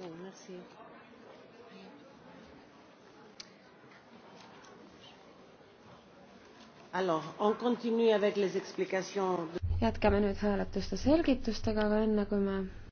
Bon, merci. Alors, on continue avec les explications. jätkame nüüd hääletuste selgitustega, aga enne kui me